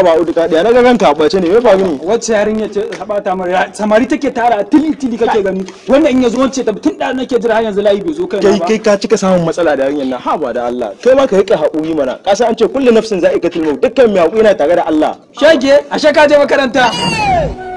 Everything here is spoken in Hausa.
ba udu ka daya na ganta bace ne me faru ne wacce yarinya ce ta bata mara samari take tara tili tili kake gani wanda in yazo wacce ta tun da nake jira har yanzu layi bai zo kai kai ka cika samun matsala da yarinyar nan ha ba da Allah kai ma ka rika haƙuri mana kasa an ce kullu nafsin za'iqatul maut dukkan mai haƙuri na tare da Allah shege ashe ka je makaranta